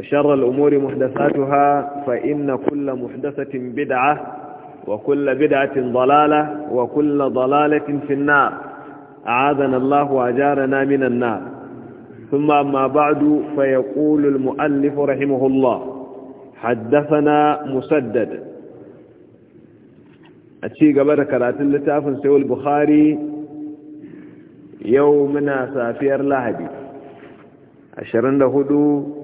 وشر الأمور محدثاتها فإن كل محدثة بدعة وكل بدعة ضلالة وكل ضلالة في النار أعاذنا الله وأجارنا من النار ثم أما بعد فيقول المؤلف رحمه الله حدثنا مسدد أتشي قبل كرات اللتاف سوى البخاري يومنا سافير لهدي أشرنا هدو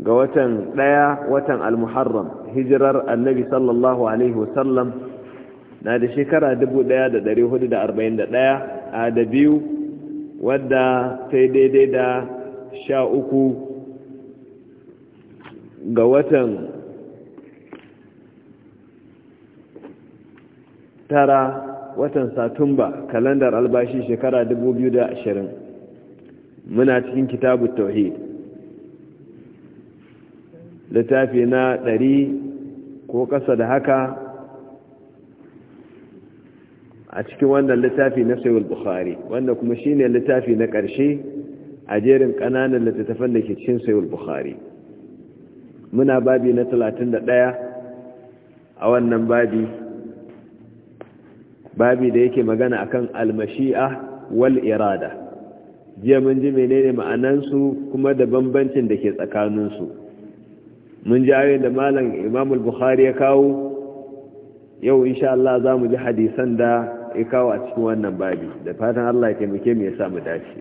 ga watan ɗaya watan almuharram hijirar annabi sallallahu alaihi wasallam na da shekara 1441 a da biyu wadda ta daidai da sha uku ga watan tara watan satumba kalandar albashi shekara 2020 muna cikin kitabu tauhid littafi na ɗari ko ƙasa da haka a cikin wannan littafi na sayul bukhari wanda kuma shi ne littafi na ƙarshe a jerin ƙananan littattafan da ke cikin sayul bukhari muna babi na talatin da ɗaya a wannan babi babi da yake magana akan almashi'a wal irada jiya mun ji menene ma'anansu kuma da bambancin da ke tsakaninsu mun ji ayoyin da malam imam bukhari ya kawo yau insha Allah za mu ji hadisan da ya kawo a cikin wannan babi da fatan Allah ya taimake mu ya samu mu dace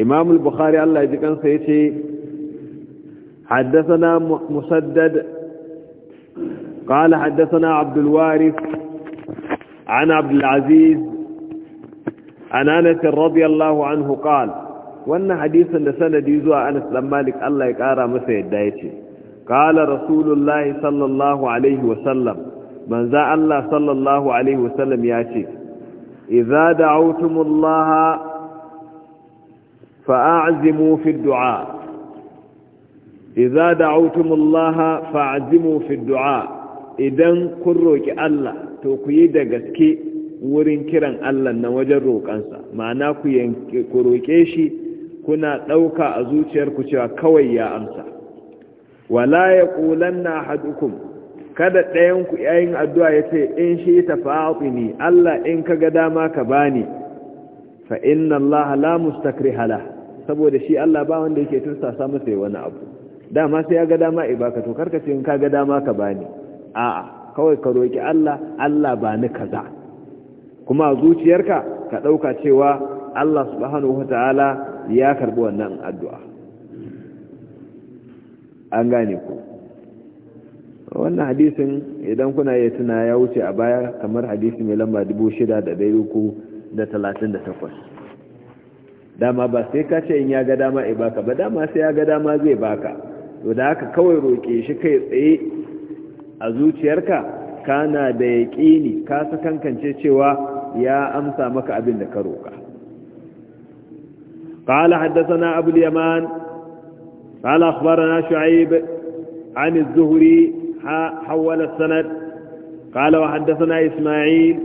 imam bukhari Allah ya ji kansa yace حدثنا مسدد قال حدثنا عبد الوارث عن عبد العزيز عن انس رضي الله عنه قال wannan hadisin da sanadi zuwa anas dan malik allah ya kara masa yadda ya ce kala rasulullahi sallallahu alaihi wasallam manza allah sallallahu alaihi wasallam ya ce idza da'awtumullaha fa'azimu fi du'a idza fa'azimu fi du'a idan kun roki allah to ku yi da gaske wurin kiran allah na wajen roƙansa ma'ana ku roƙe shi kuna ɗauka a zuciyarku cewa kawai ya amsa wala ya na hadukum kada ku yayin addu'a ya ce in shi ta fa'aɗini Allah in ka ga dama ka bani fa inna Allah la mustakri hala saboda shi Allah ba wanda yake tursasa masa wani abu dama sai ya ga dama ibaka to karka ce in ka ga dama ka bani a'a kawai ka roki Allah Allah ba ni kaza kuma a zuciyarka ka ɗauka cewa Allah subhanahu wa ta'ala ya karbi wannan addu'a an gane ku wannan hadisin idan kuna iya tuna ya wuce a baya kamar hadisi mai lamba 6,338 dama ba sai ka ce in ya ga dama ya baka ba dama sai ya ga dama zai baka to da haka kawai roƙe shi kai tsaye a zuciyarka kana da yaƙini ka kankance cewa ya amsa maka abin da ka roƙa قال حدثنا أبو اليمان قال أخبرنا شعيب عن الزهري حول السند قال وحدثنا إسماعيل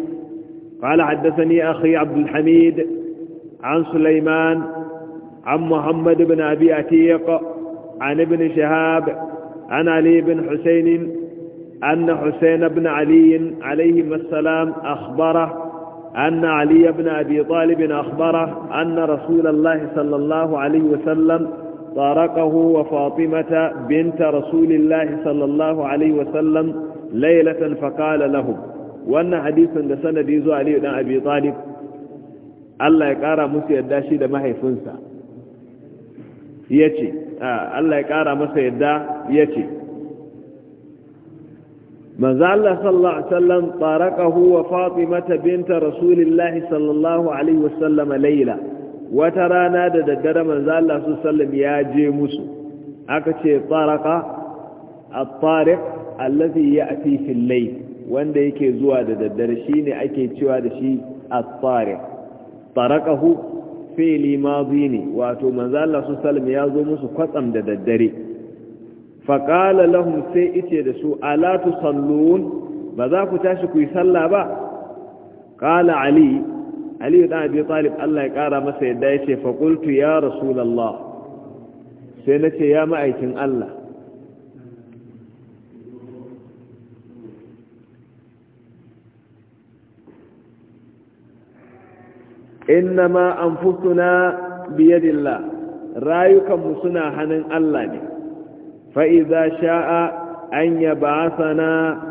قال حدثني أخي عبد الحميد عن سليمان عن محمد بن أبي أتيق عن ابن شهاب عن علي بن حسين أن حسين بن علي عليهما السلام أخبره أن علي بن أبي طالب أخبره أن رسول الله صلى الله عليه وسلم طارقه وفاطمة بنت رسول الله صلى الله عليه وسلم ليلة فقال لهم وأن حديث لسنة ديزو علي بن أبي طالب الله يقارى مسي الداشي لما هي فنسا يتي آه الله يقارى مسي الدا يتي manzo Allah sallallahu alaihi wasallam taraqahu wa fatimata binta rasulillahi sallallahu alaihi wasallam layla wata rana da daddare manzo Allah sallallahu ya je musu aka ce taraqa at-tariq allazi ya'ti fil layl wanda yake zuwa da daddare shine ake cewa da shi at-tariq taraqahu fi'li madi ne wato manzo Allah sallallahu ya zo musu kwatsam da daddare faƙala lahum sai ice da su alatu sallun ba za ku tashi ku yi sallah ba ƙala ali ali ɗan abi talib allah ya ƙara masa yadda ya ce faƙultu ya rasulallah sai na ce ya ma'aikin allah innama anfusuna biyadillah rayukanmu suna hannun allah ne fa'iza sha'a an ya ba'asana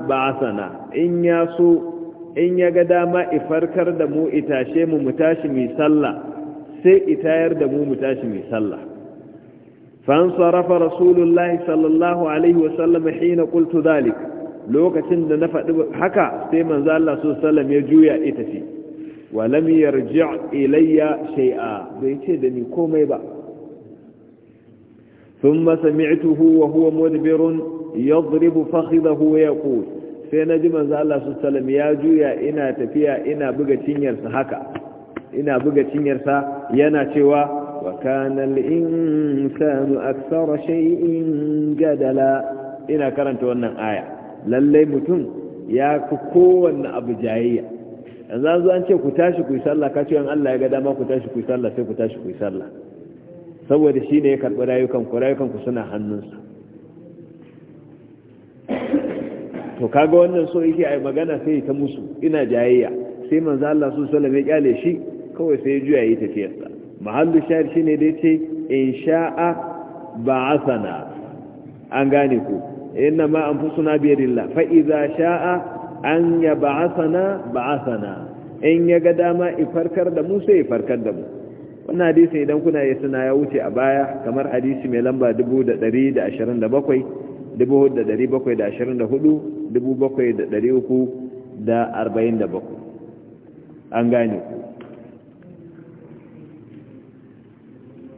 ba'asana in ya so in ya ga dama ifarkar da mu itashe mu mu mai sallah sai itayar da mu mutashi tashi mai sallah فانصرف رسول الله sallallahu alaihi عليه وسلم حين قلت ذلك lokacin da na faɗi haka sai manzo Allah sallallahu ya juya ita ce wa lam yarji' ilayya shay'a bai ce da ni komai ba ثم سمعته وهو مدبر يضرب فخذه ويقول sai na ji manzo Allah su salam ya juya ina tafiya ina buga cinyarsa haka ina buga cinyarsa yana cewa wa kana al-insanu akthara shay'in jadala ina karanta wannan aya lalle mutum ya fi kowanne abu jayayya yanzu an ce ku tashi ku yi sallah ka ce Allah ya ga dama ku tashi ku yi sallah sai ku tashi ku yi sallah saboda shi ne ya karɓi rayukanku rayukanku suna hannunsa to kaga wannan so yake a magana sai ta musu ina jayayya sai manzo Allah su sallama ya kyale shi kawai sai ya juya yi tafiyarsa mahallu shi ne dai ce, in sha'a ba'athana an gane ku inna ma anfusuna bi yadillah fa idza sha'a an yab'athana ba'athana in ya ga dama ifarkar da mu sai ifarkar da mu wannan hadisi idan kuna yi suna ya wuce a baya kamar hadisi mai lamba 1,727 1,724 an gane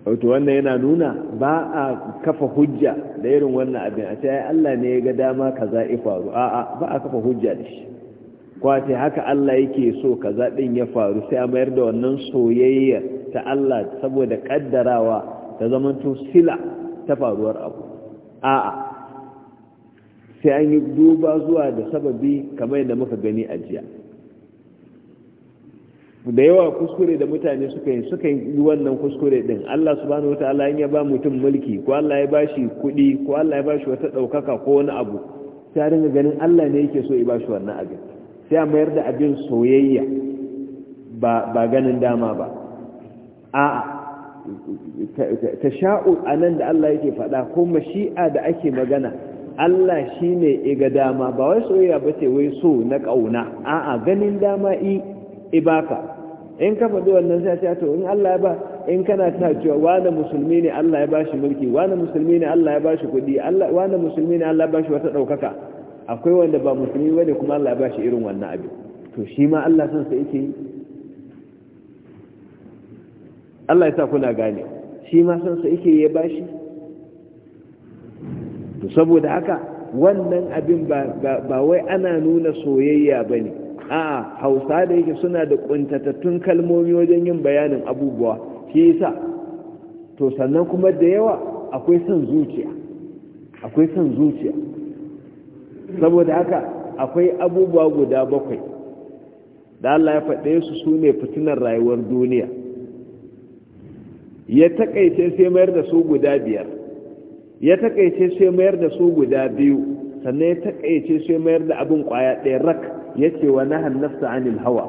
wato wannan yana nuna ba a kafa hujja da irin wannan abin a ce Allah ne ya ga dama ka za'i faru a'a ba a kafa hujja da shi kwace haka Allah yake so kaza din ya faru sai a mayar da wannan soyayya ta Allah saboda kaddarawa ta zamanto sila ta faruwar abu a'a sai an yi duba zuwa da sababi kamar yadda muka gani a jiya da yawa kuskure da mutane suka yi suka yi wannan kuskure din Allah subhanahu wataala in ya ba mutum mulki ko Allah ya bashi kuɗi ko Allah ya bashi wata ɗaukaka ko wani abu sai dinga ganin Allah ne yake so ya bashi wannan abin sai a mayar da abin soyayya ba ba ganin dama ba a'a a nan da Allah yake faɗa ko mashi'a da ake magana Allah shi ne iga dama ba wai soyayya ba ce wai so na ƙauna. a'a ganin dama i ibaka in ka faɗi wannan sai ce to in Allah ya ba in kana ta cewa wani musulmi ne Allah ya bashi mulki wani musulmi ne Allah ya bashi kuɗi Allah wani musulmi ne Allah ya bashi wata ɗaukaka akwai wanda ba musulmi bane kuma Allah ya bashi irin wannan abin to shi ma Allah san sa yake Allah ya sa kuna gane shi ma san sa yake ya bashi to saboda haka wannan abin ba wai ana nuna soyayya ba ne a'a hausa da yake suna da kuntatattun kalmomi wajen yin bayanin abubuwa shi yasa to sannan kuma da yawa akwai son zuciya akwai son zuciya saboda haka akwai abubuwa guda bakwai da Allah ya faɗe su su ne fitinar rayuwar duniya ya takaice sai mayar da su guda biyar ya takaice sai mayar da su guda biyu sannan ya takaice sai mayar da abin kwaya ɗaya rak ya ce wa na hannasta anil hawa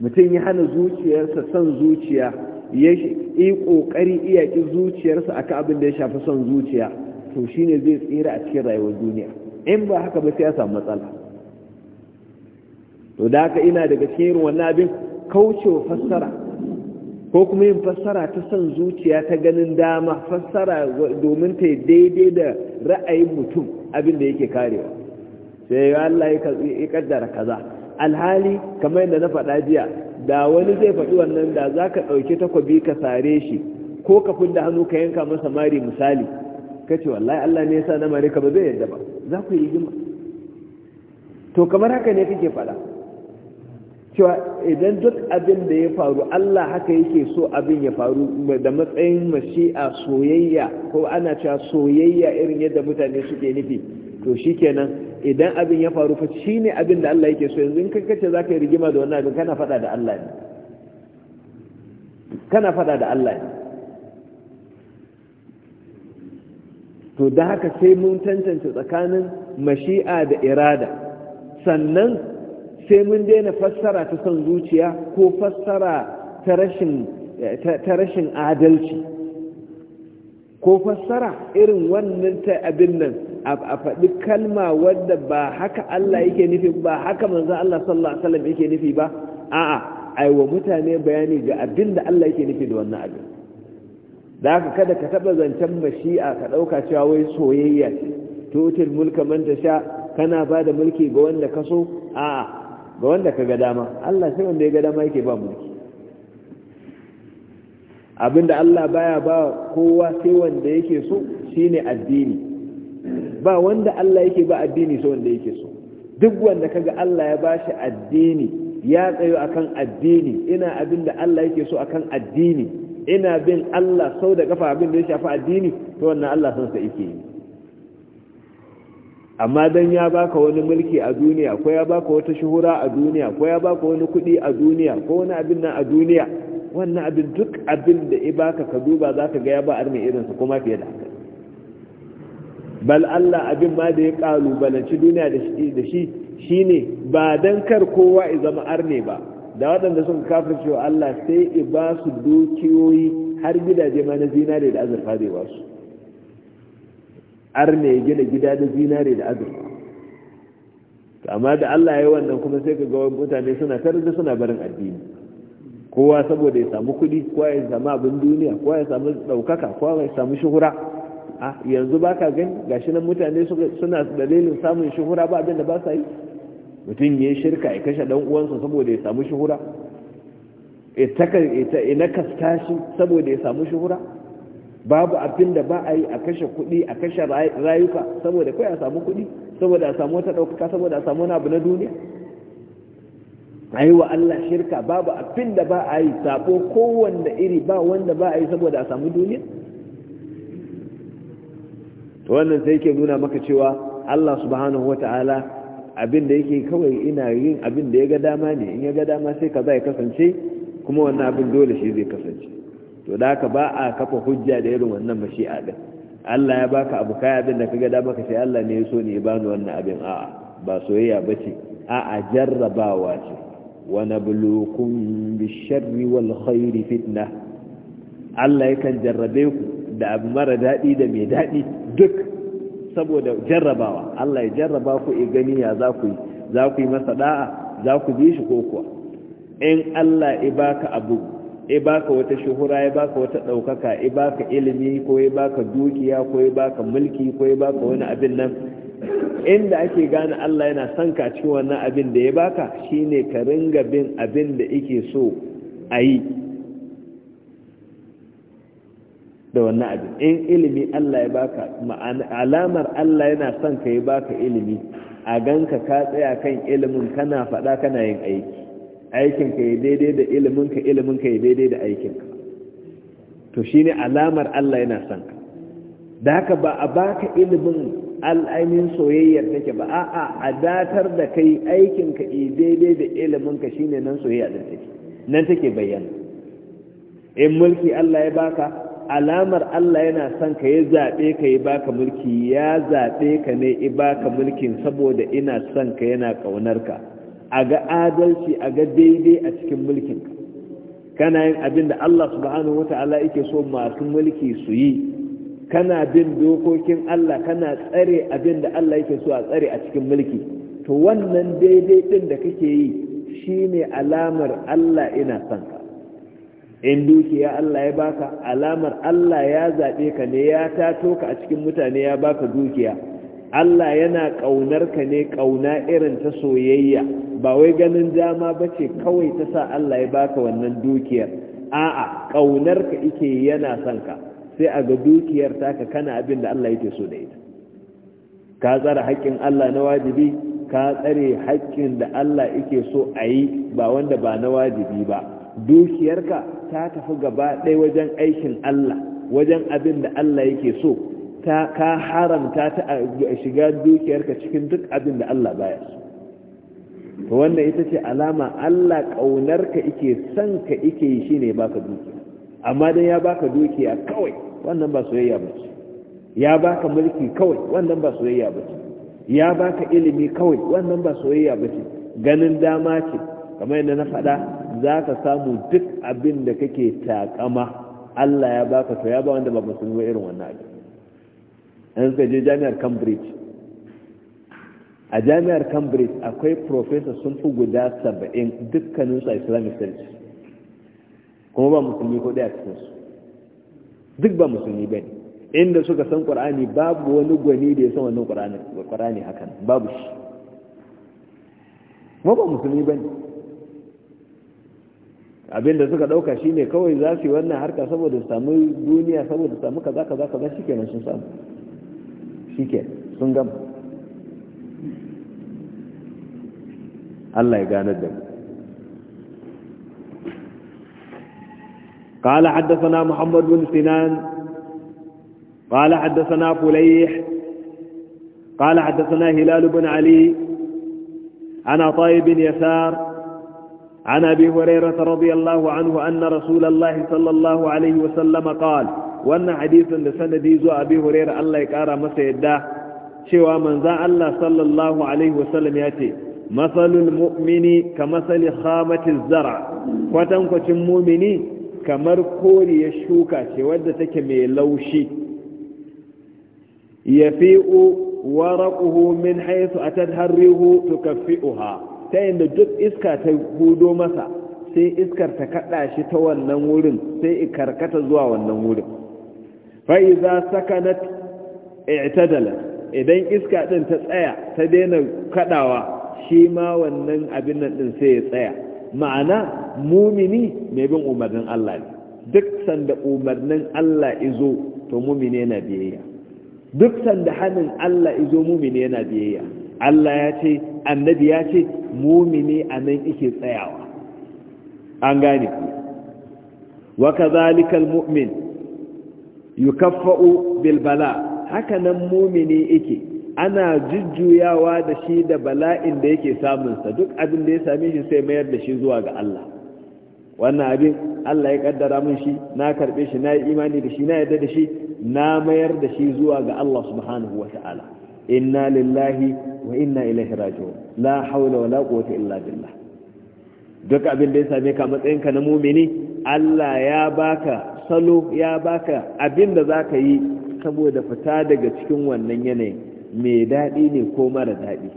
mutum ya hana zuciyarsa son zuciya ya yi ƙoƙari iyaki zuciyarsa a akan abin da ya shafi son zuciya to shi ne zai tsira a cikin rayuwar duniya in ba haka ba sai ya samu matsala to da haka ina daga cikin wannan abin kaucewa fassara ko kuma yin fassara ta son zuciya ta ganin dama fassara domin ta yi daidai da ra'ayin mutum abin da yake karewa sai ya Allah ya kaddara kaza alhali kamar yadda na faɗa jiya da wani zai faɗi wannan da za ka ɗauki takwabi ka sare shi ko ka da hannu ka yanka masa mari misali ka ce wallahi Allah ne ya sa na mare ka ba zai yadda ba za ku yi rigima to kamar haka ne kake faɗa cewa idan duk abin da ya faru Allah haka yake so abin ya faru da matsayin mashi'a soyayya ko ana cewa soyayya irin yadda mutane suke nufi to shikenan idan abin ya faru fa shine abin da Allah yake so yanzu in kace zaka yi rigima da wannan abin kana fada da Allah ne kana fada da Allah ne to da haka sai mun tantance tsakanin mashi'a da irada sannan sai mun daina fassara ta son zuciya ko fassara ta rashin adalci ko fassara irin wannan ta abin nan a faɗi kalma wadda ba haka Allah yake nufi ba haka manzan Allah sallallahu Alaihi wasallam yake nufi ba a'a aiwa mutane bayani ga abin da Allah yake nufi da wannan abin da haka kada ka taɓa zancen a ka ɗauka cewa wai soyayya ce mulka manta sha kana ba da mulki ga wanda ka so a'a ga wanda ka ga dama Allah sai wanda ya ga dama yake ba mulki abinda Allah baya ba kowa sai wanda yake so shine addini ba wanda Allah yake ba addini sai wanda yake so duk wanda kaga Allah ya bashi addini ya tsayo akan addini ina abinda Allah yake so akan addini ina bin Allah sau da kafa abinda ya shafi addini to wannan Allah sansa sa yake yi amma dan ya baka wani mulki a duniya ko ya baka wata shuhura a duniya ko ya baka wani kuɗi a duniya ko wani abin nan a duniya wannan abin duk abin da i baka ka duba za ka ga ya ba arni irinsa kuma fiye da haka bal Allah abin ma da ya kalubalanci duniya da shi shi ne ba don kar kowa i zama arne ba da waɗanda sun kafin cewa Allah sai i ba su dukiyoyi har gidaje ma na zinare da azurfa zai wasu ne ya gina gida da zinare da azurfa amma da Allah ya wannan kuma sai ka ga mutane suna da suna barin addini kowa saboda ya samu kudi kowa ya samu abin duniya kowa ya samu ɗaukaka kowa ya samu shuhura a yanzu ba ka gani gashi nan mutane suna dalilin samun shuhura ba abin da ba sa yi mutum ya shirka ya kashe dan uwansa saboda ya samu shuhura ya nakasta shi saboda ya samu shuhura babu abin da ba a yi a kashe kuɗi a kashe rayuka saboda kai a samu kuɗi saboda a samu wata ɗaukaka saboda a samu wani abu na duniya a yi wa Allah shirka babu abin da ba a yi sabo kowanne iri ba wanda ba a yi saboda a samu duniya to wannan sai ke nuna maka cewa Allah subhanahu wata'ala abin da yake kawai ina yin abin da ya ga dama ne in ya ga dama sai ka ya kasance kuma wannan abin dole shi zai kasance to da ka ba a kafa hujja da irin wannan mashi'a din Allah ya baka abu kai abin da kaga da maka sai Allah ne ya so ne ya bani wannan abin a'a ba soyayya bace a'a jarrabawa ce wa nabluukum bish wal khairi fitna Allah yakan jarrabe ku da abu mara dadi da mai dadi duk saboda jarrabawa Allah ya jarraba ku ya gani ya za ku yi za ku yi masa da'a za ku bi shi ko kuwa in Allah ya baka abu e baka wata shuhura ya baka wata ɗaukaka e baka ilimi ko ya baka dukiya ko ya baka mulki ko ya baka wani abin nan inda ake gane Allah yana son ka cikin wannan abin da ya baka shine ka ringa bin abin da yake so a yi da wannan abin in ilimi Allah ya baka alamar Allah yana son ka ya baka ilimi a ganka ka tsaya kan ilimin kana faɗa kana yin aiki aikinka ya daidai da iliminka iliminka ya daidai da aikinka to shine alamar Allah yana son ka da haka ba a baka ilimin al'amin soyayyar take ba a'a a datar da kai aikinka ya daidai da iliminka shine nan soyayya da take nan take bayyana in mulki Allah ya baka alamar Allah yana son ka ya zaɓe ka ya baka mulki ya zaɓe ka ne ya baka mulkin saboda ina son ka yana ƙaunar ka a ga adalci a ga daidai a cikin ka kana yin abin da Allah subhanahu wata'ala yake so masu mulki su yi kana bin dokokin Allah kana tsare abin da Allah yake so a tsare a cikin mulki to wannan daidai din da kake yi shine alamar Allah ina son ka in dukiya Allah ya baka alamar Allah ya zaɓe ka ne ya tato ka a cikin mutane ya baka dukiya Allah yana ƙaunar ka ne ƙauna irin ta soyayya ba wai ganin dama ba ce kawai ta sa Allah ya baka wannan dukiyar a'a ƙaunar ka ike yana son ka sai a ga dukiyar taka kana abin da Allah yake so da ita ka tsara haƙƙin Allah na wajibi ka tsare haƙƙin da Allah yake so a yi ba wanda ba na wajibi ba dukiyarka ta tafi gaba ɗaya wajen aikin Allah wajen abin da Allah yake so ta ka haramta ta shiga dukiyarka cikin duk abin da Allah baya su to wannan ita ce alama Allah ƙaunarka ike son ka ike yi shine baka dukiya amma dan ya baka dukiya kawai wannan ba soyayya ba ce ya baka mulki kawai wannan ba soyayya ba ce ya baka ilimi kawai wannan ba soyayya ba ce ganin dama ce kamar yadda na faɗa za ka samu duk abin da kake takama Allah ya baka to ya ba wanda ba musulmi irin wannan abin an suka je jami'ar cambridge a jami'ar cambridge akwai profesa sun fi guda saba'in dukkaninsu a islamic studies kuma ba musulmi ko daya su duk ba musulmi ba ne inda suka san qur'ani babu wani gwani da ya san wannan qur'ani hakan babu shi kuma ba musulmi ba ne abinda suka ɗauka shine kawai za su yi wannan harka saboda samu duniya saboda samu kaza kaza kaza shi sun samu shike sun gama Allah ya ganar da قال حدثنا محمد بن سنان قال حدثنا فليح قال حدثنا هلال بن علي عن عطاء يسار عن أبي هريرة رضي الله عنه أن رسول الله صلى الله عليه وسلم قال wannan hadisin da sanadi zuwa abi huraira Allah ya kara masa yadda cewa manzan Allah sallallahu alaihi wasallam ya ce masalul mu'mini ka masali khamatin zara kwatankwacin mumini kamar koriyar shuka ce wadda take mai laushi ya fi'u waraquhu min haythu atadharrihu tukaffi'uha ta inda duk iska ta hudo masa sai iskar ta kada shi ta wannan wurin sai i karkata zuwa wannan wurin fa'iza sakanat i'tadala idan iska din ta tsaya ta daina kadawa shi ma wannan abin nan din sai ya tsaya ma'ana mumini mai bin umarnin Allah ne duk sanda umarnin Allah izo to mumini yana biyayya duk sanda hannun Allah izo mumini yana biyayya Allah ya ce annabi ya ce mumini a nan yake tsayawa an gane ku wa kazalikal mu'min yukaffa'u bil bala haka nan mumini yake ana jujjuyawa da shi da bala'in da yake sa. duk abin da ya same shi sai mayar da shi zuwa ga Allah wannan abin Allah ya kaddara min shi na karbe shi na yi imani da shi na yarda da shi na mayar da shi zuwa ga Allah subhanahu wa ta'ala inna lillahi wa inna ilaihi raji'un la hawla wa la quwwata illa billah duk abin da ya same ka matsayinka na mumini Allah ya baka salo ya baka abin da za ka yi saboda fita daga cikin wannan yanayi mai daɗi ne ko mara daɗi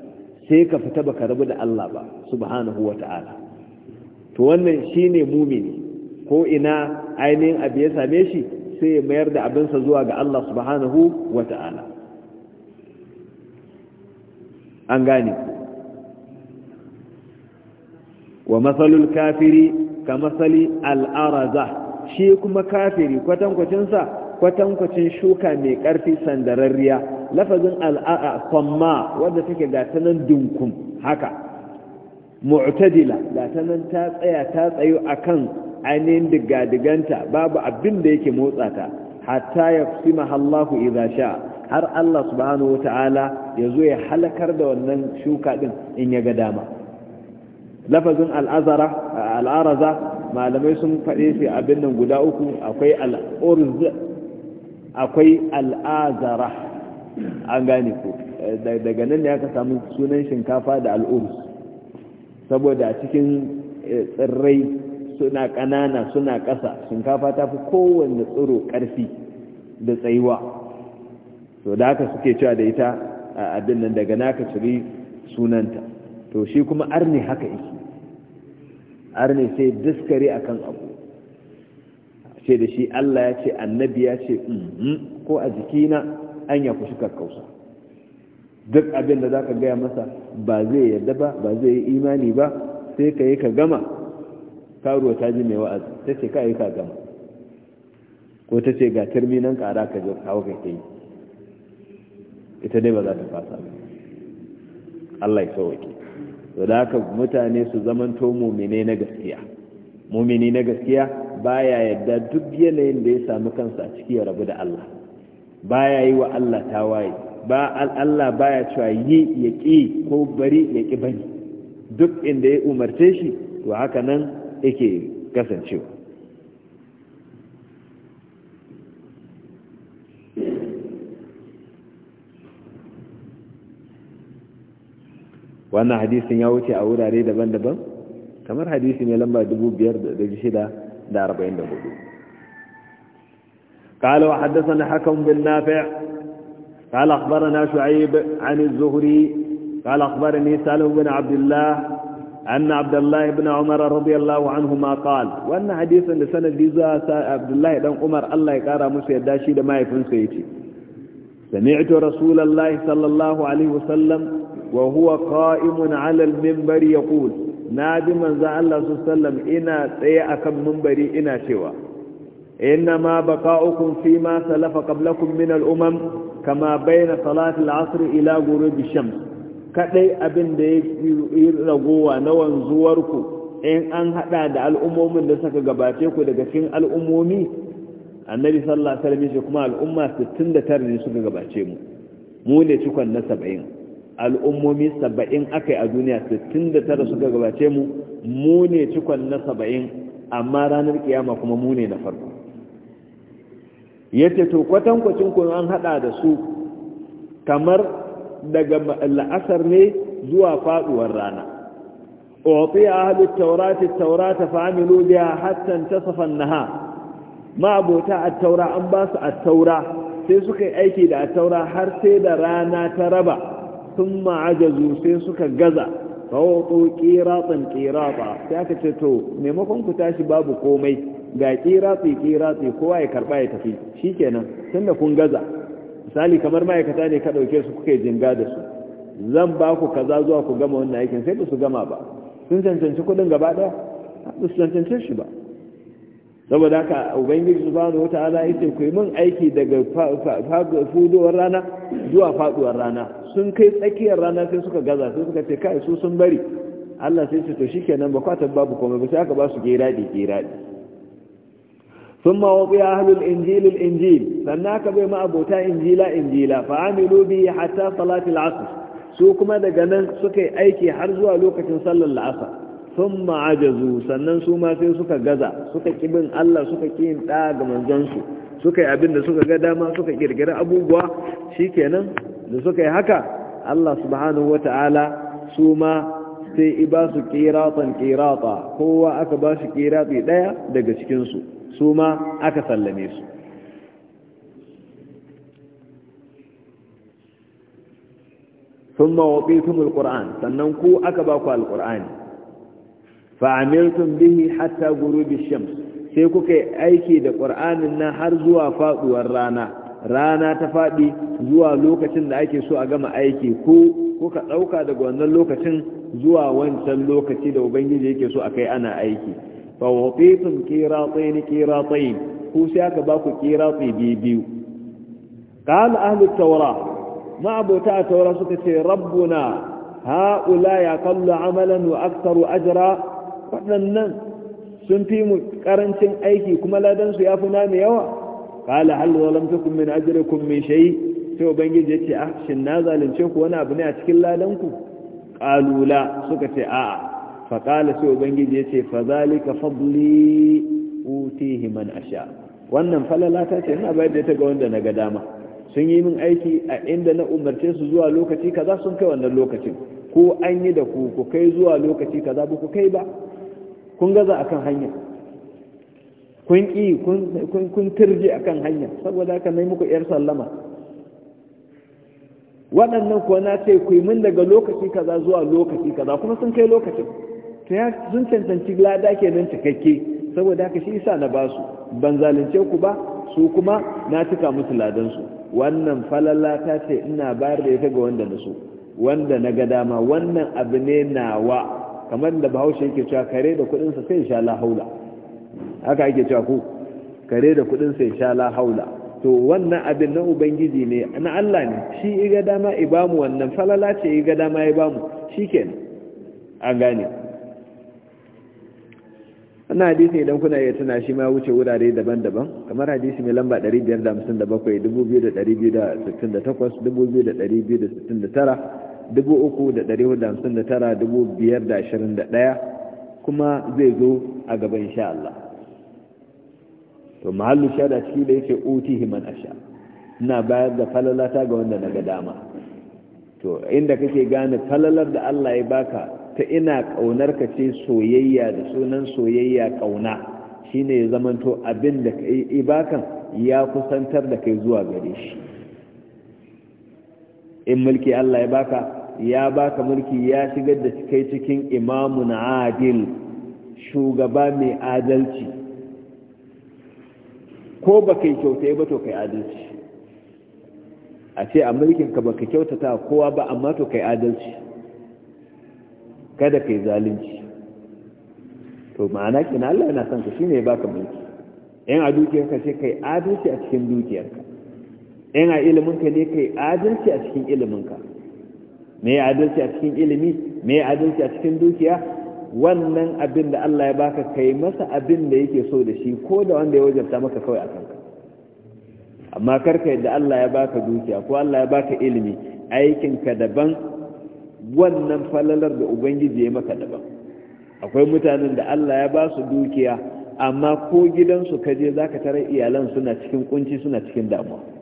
sai ka fita baka rabu da Allah ba subhanahu wa ta'ala to wannan shi ne mumini ko ina ainihin abu ya same shi sai ya mayar da abinsa zuwa ga Allah subhanahu wa ta'ala an gane wa matsalul kafiri ka matsali al'araza shi kuma kafiri kwatankwacinsa kwatankwacin shuka mai ƙarfi sandararriya lafazin al'a'a kwamma wadda take gata nan dunkum haka mu'tadila gata nan ta tsaya ta tsayo akan ainihin digadiganta babu abin da yake motsa ta hatta ya fi mahallahu iza sha har Allah subhanahu wata'ala ya zo ya halakar da wannan shuka din in ya ga dama lafazin al'azara al'araza malamai sun faɗe shi abin nan guda uku akwai al'urz akwai al'azara an gane ko daga nan ne aka samu sunan shinkafa da al'urz saboda cikin eh, tsirrai suna ƙanana suna ƙasa shinkafa ta fi kowanne tsiro ƙarfi da tsayuwa to da haka suke cewa da ita abin nan daga naka ciri sunanta to shi kuma arni haka yake ne sai daskare akan abu ce da shi Allah ya ce annabi ya ce mhm, ko a jikina an ya kushi kakkausa duk abin da za ka gaya masa ba zai yarda ba ba zai yi imani ba sai ka yi ka gama karuwa ta ji mai wa'azi ta ce ka yi ka gama ko ta ce ga turminan kara ka je kawo ka ke yi ita dai ba za ta fasa Allah ya sauwake to da haka mutane su zamanto mumine na gaskiya mumini na gaskiya baya yadda duk yanayin da ya samu kansa a ciki ya rabu da Allah baya yi wa Allah tawaye ba Allah baya cewa yi ya ƙi ko bari ya ƙi bari duk inda ya umarce shi to haka nan yake kasancewa wannan hadisin ya wuce a wurare daban-daban kamar hadisin ne lamba 5644 qala wa haddathana hakim bin nafi' qala akhbarana shu'aib 'an az-zuhri qala akhbarani salih bin abdullah anna abdullah ibn umar radiyallahu anhuma qala wannan hadisin da sanadi zuwa sa abdullah dan umar Allah ya kara musu yadda shi da mahaifinsa yace سمعت رسول الله صلى الله عليه وسلم وهو قائم على المنبر يقول نادي من زعل الله صلى الله عليه وسلم إنا سيأك منبري إنا شوى إنما بقاؤكم فيما سلف قبلكم من الأمم كما بين صلاة العصر إلى غروب الشمس كأي أبن يرغوا نوان زوركم in an hada da al'ummomin da suka gabace ku daga cikin al'ummomi annabi sallallahu alaihi wasallam yace kuma al'umma 69 ne suka gabace mu mu ne cikon na 70 al'ummomi 70 akai a duniya 69 suka gabace mu mu ne cikon na 70 amma ranar kiyama kuma mu ne na farko yace to kwatan kwatankwacin ku an hada da su kamar daga la'asar ne zuwa faduwar rana أعطي أهل التوراة التوراة فعملوا بها حتى انتصف النهار ma'abota taura an ba su taura sai suka yi aiki da a taura har sai da rana ta raba sun ma'ajazu sai suka gaza fawoto ƙiratsin ƙiratsa sai aka ce to maimakon ku tashi babu komai ga ƙiratsi ƙiratsi kowa ya karɓa ya tafi shi kenan tun da kun gaza misali kamar ma'aikata ne ka ɗauke su kuka yi jinga da su zan ba ku kaza zuwa ku gama wannan aikin sai ba su gama ba sun cancanci kuɗin gaba ɗaya ba su cancanci shi ba saboda haka ubangiji subhanahu wata'ala yace ku yi aiki daga fudowar rana zuwa faduwar rana sun kai tsakiyar rana sai suka gaza sai suka ce kai su sun bari Allah sai ce to shikenan ba kwata babu komai ba sai aka ba su sannan geradi ثم ma أهل injila الإنجيل فناك بما أبوتا إنجيلا إنجيلا فعملوا به حتى صلاة العصر سوكما دقنا سكي أيكي حرزوا لوكة صلى العصر sun ma'ajazu sannan su ma sai suka gaza suka kibin Allah suka kiyin ɗa ga manzansu suka yi abin da suka ga dama suka ƙirƙiri abubuwa shi kenan da suka yi haka Allah subhanahu wa ta'ala su ma sai iba su ƙiratan ƙirata kowa aka ba shi ƙirati ɗaya daga cikinsu su ma aka sallame su sannan sannan ko ba ku Alƙur'ani? fa'amiltum bihi hatta gurubi shams sai kuka yi aiki da ƙur'anin nan har zuwa faɗuwar rana rana ta faɗi zuwa lokacin da ake so a gama aiki ko kuka ɗauka daga wannan lokacin zuwa wancan lokaci da ubangiji yake so a kai ana aiki fa waqitum kira qiratayn ku sai aka ba ku qirati biyu qal ahlut tawra ma abota tawra suka ce rabbuna kallo amalan wa aktaru ajira. waɗannan sun fi mu karancin aiki kuma ladansu ya fi namu yawa kala hal zalam takum min kuma min shayi? sai ubangiji ya ce ah shin na zalunce ku wani abu ne a cikin ladanku kalula suka ce a'a fa kala sai ubangiji ya ce fa zalika fadli utihi man asha wannan falala ta ce ina bayar da ta ga wanda na ga dama sun yi min aiki a inda na umarce su zuwa lokaci kaza sun kai wannan lokacin ko an yi da ku ku kai zuwa lokaci kaza ba ku kai ba kun gaza a kan hanya kun ƙi kun turje kan hanya saboda haka nai muku yar sallama waɗannan kuwa na ce ku yi min daga lokaci kaza zuwa lokaci kaza kuma sun kai lokacin ta ya sun cancanci lada ke nan cikakke saboda haka shi isa na basu ban zalunce ku ba su kuma na cika musu ladansu wannan falala ta ce ina bayar da ita ga wanda na so wanda na ga dama wannan abu ne nawa kamar da bahaushe yake cewa kare da kudinsa sai insha Allah haula haka yake cewa ku kare da kudinsa ya sha la haula to wannan abin na ubangiji ne na Allah ne shi iga dama ibamu wannan falala ce iga dama ibamu shikenan an gane wannan hadisi idan kuna iya tuna shi ma wuce wurare daban-daban kamar hadisi mai lamba 557 2268 2269 ɗaya kuma zai zo a gaban sha Allah to mahallu shada ciki da yake uti man asha ina bayar da falalata ga wanda na ga dama to inda kake gane falalar da Allah ya baka ta ina ƙaunar ka ce soyayya da sunan soyayya ƙauna, shine ya zamanto abin da ka yi ibakan ya kusantar da kai zuwa gare shi in mulki Allah ya baka ya baka mulki ya shigar da kai cikin imamun adil shugaba mai adalci ko baka kyautai ba to kai adalci a ce a mulkin ka baka kyautata kowa ba amma to kai adalci kada kai zalunci to ma'ana kina Allah yana son ka shine ya baka mulki in a dukiyarka sai kai adalci a cikin dukiyarka Yana a iliminka ne ka yi adalci a cikin iliminka me ya adalci a cikin ilimi me ya adalci a cikin dukiya wannan abin da Allah ya baka kai masa abin da yake so da shi ko da wanda ya wajabta maka kawai a kanka amma karka yadda Allah ya baka dukiya ko Allah ya baka ilimi aikin ka daban wannan falalar da ubangiji ya maka daban akwai mutanen da Allah ya ba su dukiya amma ko gidansu kaje zaka tarar iyalan suna cikin kunci suna cikin damuwa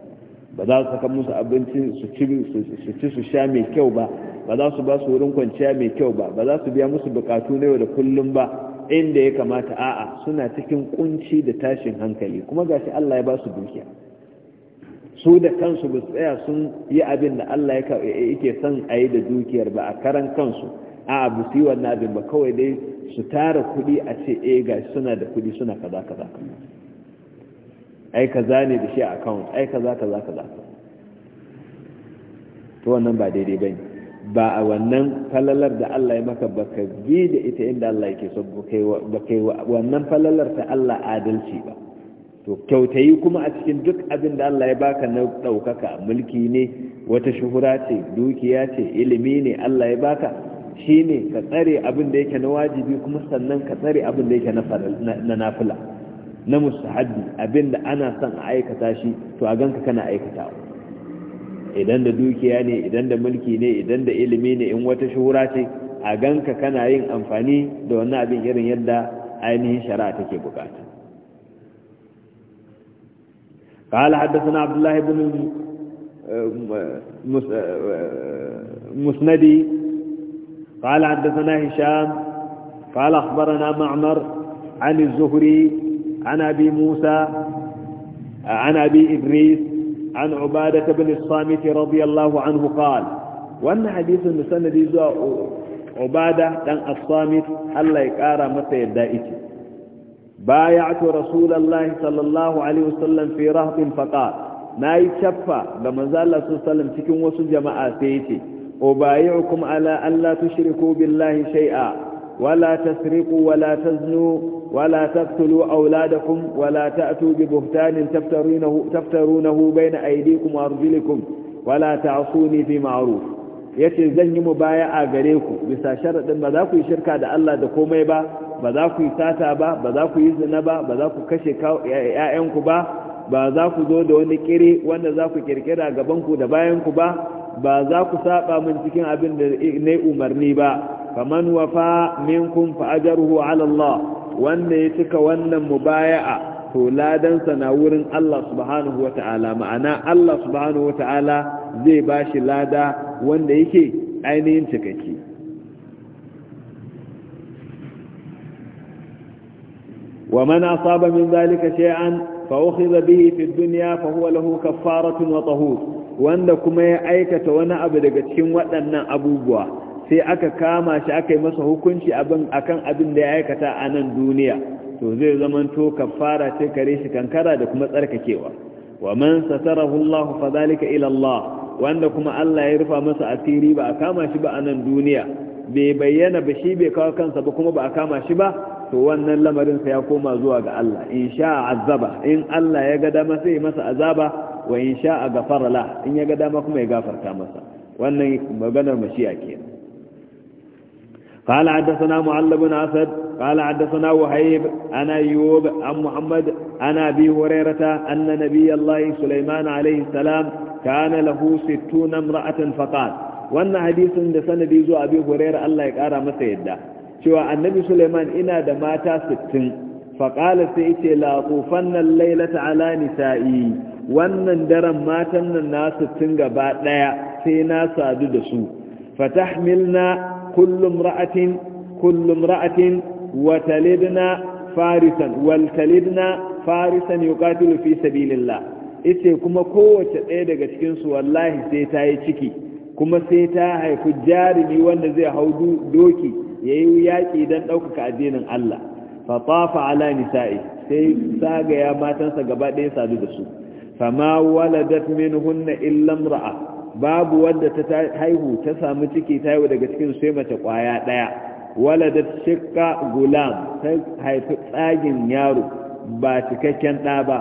ba za su saka musu abinci su ci su sha mai kyau ba ba za su ba su wurin kwanciya mai kyau ba ba za su biya musu bukatu na yau da kullum ba inda ya kamata a'a suna cikin kunci da tashin hankali kuma gashi Allah ya ba su dukiya su da kansu ba tsaya sun yi abin da Allah yake son a yi da dukiyar ba a karan kansu a'a ba su yi wannan abin ba kawai dai su tara kuɗi a ce eh gashi suna da kuɗi suna kaza kaza ai ka ne da shi a account ai ka ka, za ka. to wannan ba daidai bane ba a wannan falalar da Allah ya maka baka bi da ita inda Allah yake so ba kai wannan falalar ta Allah adalci ba to kyautayi kuma a cikin duk abin da Allah ya baka na ɗaukaka mulki ne wata shuhura ce dukiya ce ilimi ne Allah ya baka shine ka tsare abin da yake na wajibi kuma sannan ka tsare abin da yake na nafila na mustahabbi abinda ana son a aikata shi to a ganka kana aikata idan da dukiya ne idan da mulki ne idan da ilimi ne in wata shuhura ce a ganka kana yin amfani da wannan abin irin yadda ainihin shari'a take bukata قال حدثنا عبد الله بن مسندي قال حدثنا هشام قال أخبرنا معمر عن الزهري عن أبي موسى عن أبي إدريس عن عبادة بن الصامت رضي الله عنه قال وأن حديث المسند عبادة عن الصامت الله يقارى متى يدائك بايعت رسول الله صلى الله عليه وسلم في رهط فقال ناي شفا لما زال الله صلى الله عليه وسلم تكون وسجماء سيتي أبايعكم على أن لا تشركوا بالله شيئا ولا تسرقوا ولا تزنوا ولا تقتلوا أولادكم ولا تأتوا ببهتان تفترونه, تفترونه بين أيديكم وأرجلكم ولا تعصوني في معروف yace zan yi a gare ku bisa sharaɗin ba za ku yi shirka da Allah da komai ba ba za ku yi sata ba ba za ku yi zina ba ba za ku kashe ku ba ba za ku zo da wani kire wanda za ku kirkira gaban ku da bayan ku ba ba za ku saba min cikin abin da na umarni ba kaman wafa minkum fa ajruhu ala wanda ya cika wannan mubaya'a to ladan sa na wurin Allah subhanahu ma'ana Allah subhanahu zai ba shi lada wanda yake ainihin cikakke wa man asaba min zalika shay'an fa ukhiza bihi fi dunya fa huwa lahu kaffaratun wa tahur wanda kuma ya aikata wani abu daga cikin waɗannan abubuwa sai aka kama shi aka yi masa hukunci akan abin da ya aikata a nan duniya to zai zamanto kafara ce kare shi kankara da kuma tsarkakewa wa man satarahu Allah fa zalika ila Allah wanda kuma Allah ya rufa masa asiri ba a kama shi ba a nan duniya bai bayyana ba shi bai kawo kansa ba kuma ba a kama shi ba to wannan lamarin sa ya koma zuwa ga Allah in sha azaba in Allah ya ga dama sai masa azaba wa in sha la in ya ga dama kuma ya gafarta masa wannan maganar mashiya kenan قال حدثنا معل بن أسد قال حدثنا وهيب عن أيوب عن محمد عن أبي هريرة أن نبي الله سليمان عليه السلام كان له ستون امرأة فقال وأن حديث لسند يزو أبي هريرة الله يقارى مسيدة شو النبي سليمان إنا دماتا ستين فقال سيئتي لا طوفن الليلة على نسائي wannan daren matan nan na 60 gaba daya sai na sadu da su fatahmilna kullum ra'atin kullum watalidna farisan waltalidna farisan yuqatilu fi kuma kowace ɗaya daga cikin su wallahi sai ta yi ciki kuma sai ta haifi jarumi wanda zai hau doki yayi yaƙi don ɗaukaka addinin Allah fa tafa ala nisa'i sai sagaya matansa gaba ɗaya sadu da su fama waladat minhunna illa imra'a babu wadda ta haihu ta samu ciki ta haihu daga cikin sai mace kwaya daya waladat shikka gulam ta haifi tsagin yaro ba cikakken da ba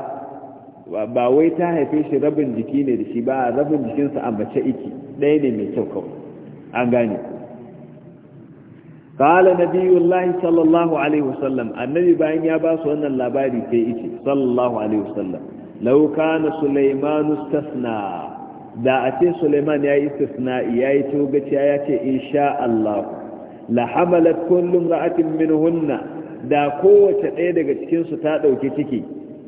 ba wai ta haife shi rabin jiki ne da shi ba rabin jikinsa a mace iki ɗaya ne mai kyau kawai an gane قال نبي الله صلى الله عليه وسلم النبي باين يا باس وانا اللاباري كي ايتي صلى الله عليه وسلم لو كان سليمان استثنى da a ce suleiman ya yi istisna'i ya yi togaciya ya ce insha Allah la hamalat kullum ra'atin min hunna da kowace ɗaya daga cikinsu ta ɗauki ciki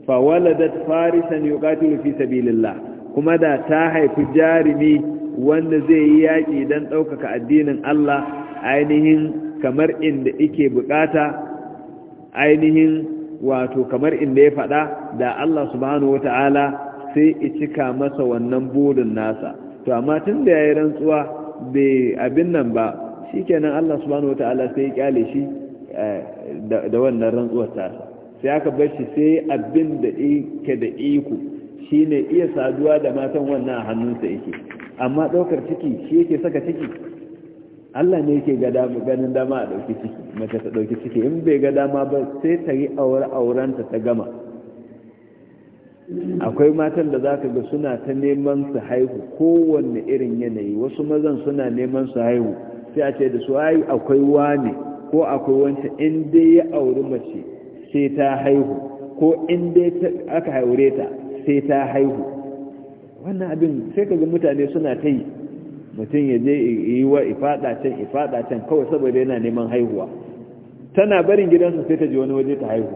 fa waladat farisan yuqatilu fi sabilillah kuma da ta haifi jarumi wanda zai yi yaƙi don ɗaukaka addinin Allah ainihin kamar inda ike bukata ainihin wato kamar inda ya faɗa da Allah subhanahu wa ta'ala. sai i cika masa wannan burin nasa to amma tun da yayi rantsuwa bai abin nan ba shikenan Allah subhanahu wataala sai ya kyale shi eh, da wannan rantsuwar tasa sai aka bar shi sai abin da ke da iko shine iya saduwa da matan wannan a hannunsa yake amma ɗaukar ciki shi yake saka ciki Allah ne yake ga ganin dama a dauki ciki mace ta ɗauki ciki in bai ga dama ba sai ta yi aure aurenta ta gama akwai matan da za ka ga suna ta neman su haihu kowanne irin yanayi wasu mazan suna neman su haihu sai a ce da su ai akwai wane ko akwai wancan inda ya auri mace sai ta haihu ko inda aka haure ta sai ta haihu wannan abin sai ka ga mutane suna ta yi mutum ya je yi wa ifada can ifada can kawai saboda yana neman haihuwa tana barin gidansa sai ta je wani waje ta haihu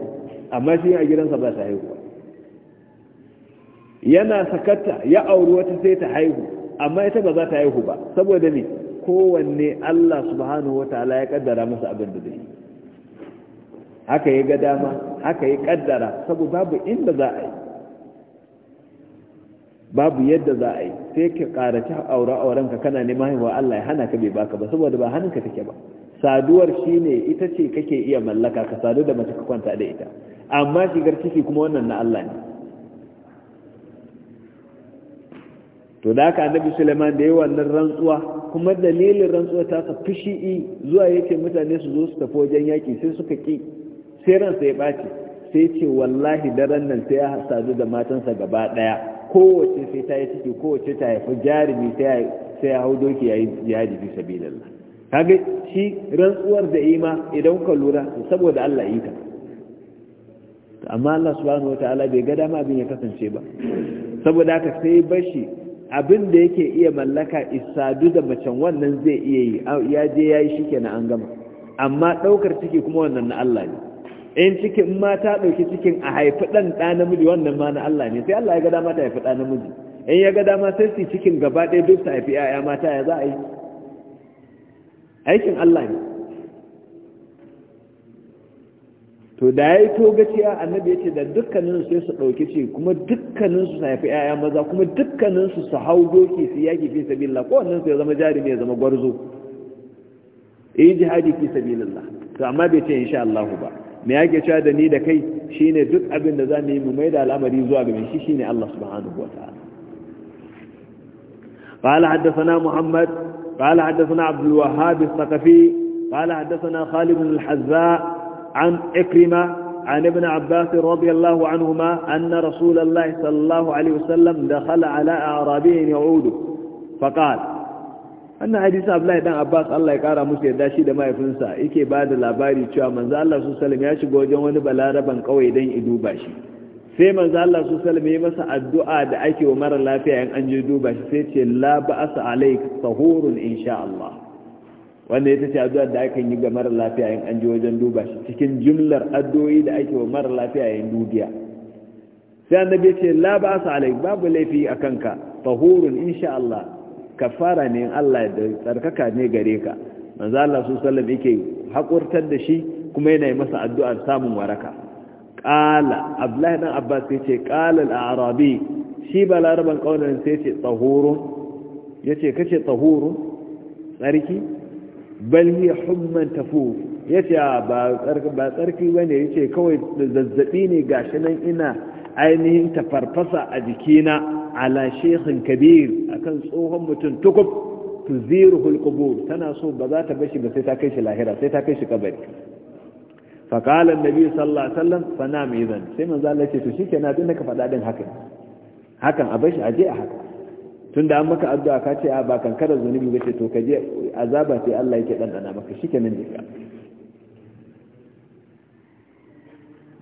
amma shi a gidansa ba ta haihuwa yana sakatta ya auri wata sai ta haihu amma ita ba za ta haihu ba saboda ne kowanne Allah subhanahu wa ta'ala ya kaddara masa abin da zai haka ya ga dama haka ya kaddara saboda babu inda za a yi babu yadda za a yi sai ka karaci aure auren ka kana neman haihuwa Allah ya hana ka bai baka ba saboda ba hannunka take ba saduwar shine ita ce kake iya mallaka ka sadu da mace ka kwanta da ita amma shigar ciki kuma wannan na Allah ne to da haka annabi suleiman da ya wannan rantsuwa kuma dalilin rantsuwa ta ka fushi zuwa yake mutane su zo su tafi wajen yaki sai suka ƙi sai ransa ya ɓaci sai ce wallahi daren nan sai ya sadu da matansa gaba ɗaya kowace sai ta yi ciki kowace ta haifi jarumi sai ya hau doki ya yi jihadi fi sabilillah kaga shi rantsuwar da ima idan ka lura saboda Allah yi ta amma Allah subhanahu wataala bai ga dama abin ya kasance ba saboda haka sai bashi abin da yake iya mallaka isadu da macen wannan zai iya yi ya je ya yi shi kenan an gama amma ɗaukar ciki kuma wannan na Allah ne in cikin ma ta ɗauki cikin a haifi ɗan ɗa namiji wannan ma na Allah ne sai Allah ya ga dama ta haifi ɗa namiji in ya ga dama sai su cikin gaba ɗaya duk su haifi ‘ya'ya mata ya za a yi aikin Allah ne to da ya yi a annabi ya ce da dukkaninsu sai su ɗauki ce kuma dukkaninsu su haifi 'ya'ya maza kuma dukkaninsu su hau doki su yaƙi fi sabila ko wannan su ya zama jarumi ya zama gwarzo ya yi jihadi fi sabilillah to amma bai ce insha Allah ba me yake cewa da ni da kai shine duk abin da za mu yi mu mai da al'amari zuwa ga shi shine Allah subhanahu wa ta'ala قال حدثنا محمد قال حدثنا عبد الوهاب الثقفي قال حدثنا خالد بن الحذاء عن إكرمة عن ابن عباس رضي الله عنهما أن رسول الله صلى الله عليه وسلم دخل على أعرابي يعود فقال أن حديث عبد الله بن عباس الله يقرا musu yadda shi da mahaifinsa yake ba da labari cewa manzo Allah su sallam ya shiga wajen wani balaraban kawai dan i duba shi sai manzo Allah su sallam ya masa addu'a da ake wa mara lafiya in an je duba shi sai ce la ba'asa alayk tahurun insha Allah wanda ya ce addu'ar da akan yi ga mara lafiya in an ji wajen duba shi cikin jumlar addu'o'i da ake wa mara lafiya yayin dubiya sai annabi ya ce la ba sa babu laifi a kanka tahurun insha Allah kafara ne Allah da tsarkaka ne gare ka manzo Allah su sallam yake hakurtar da shi kuma yana yi masa addu'ar samun waraka qala abdullahi dan abbas sai ce qala al-arabi shi balaraban kaunan sai ce tahurun yace kace tahurun tsarki bal hiya humman tafu yace ah, ba tsarki ba tsarki bane yace kawai zazzabi ne gashi nan ina ainihin tafarfasa a jikina ala shekhin kabir akan tsohon mutum tukub tuziruhu alqubur tana so ba za ta bashi ba sai ta kai shi lahira sai ta kai shi kabari فقال النبي صلى الله عليه وسلم فنام اذا sai manzo Allah ce to shikenan din ka fada din haka hakan a bashi aje a haka tun da an maka addu'a ka ce a ba kankarar zunubi ba ce to ka je azaba ce Allah yake ɗanɗana maka shi kenan ne ka